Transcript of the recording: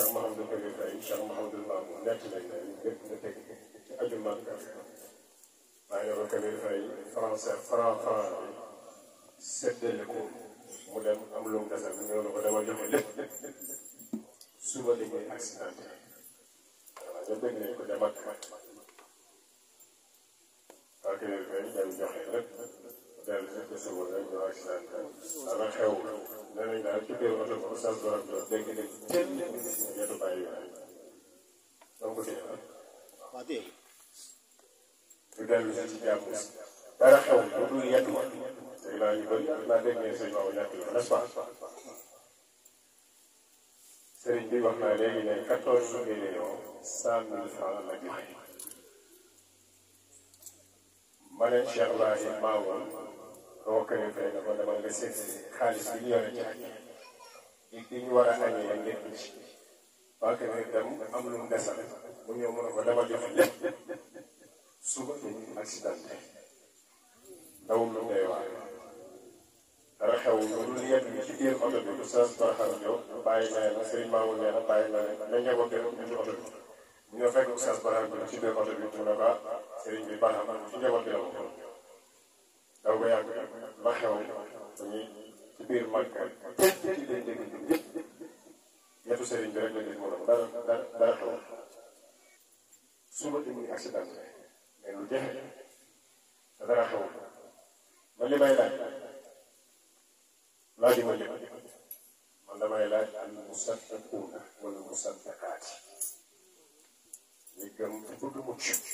Cheikh Mouhamadou Kabir Faye Cheikh Mouhamadou Mamoun nekk nañ ne ñu lépp nga teg aju mag ak maa ngi ko Kabir Faye français franc franc bi seddale ko mu dem am lu mu desal ñëw na ko dama joxe lépp suba li muy accidenté waaw ñoom dégg nañ ko dem ak waaw Kabir Faye dem joxe lépp benn fekk sa wala ñu accident dara xew nee nañ daal ci biir oto ba sas barab do dégg dégg kenn ñetu bàyyi waay donc ko téye waaw téye ñu dellu si ci jàmm dara xew ba dul yett ma léegi laa ñu bëri naa dégg ngeen sëñ Maodo ñàkk la n'est-ce pas sëriñ bi wax naa léegi ne quatorze millions cent mille francs la joxe ma ne Cheikh Ibrahim maa woon boo ko defee ne ko dama nga seet si xaalis bi ñu yore jaay bi war a añee lépp ci waa kër dem am lu mu desal mu ñëw mu ne ko dama jox lépp suba dañuy accidenté dawul lu day waar dara xewul lu yegg bi ci biir oto bi oustaz Barham Diop bàyyi na ne sëriñ Mamour nee na bàyyi na ne nañ ne ko gën a oto bi ñu fekk oustaz Barham Diop ci biir oto bi mu ne ko sëriñ bi baax na ci njaboot bi la ko daw ko yàgg ba xew dañuy ci biir Màkka tey ci lañ dégg yëpp ñettu sëriñ bi rek la gis mu doon dara dara dara xew suba di muy accident mais lu jafe te dara xew man li may laaj laaj ma jëma man damay laaj al musaddaquuna wala musaddaqaati ñi gëm bëgg mucc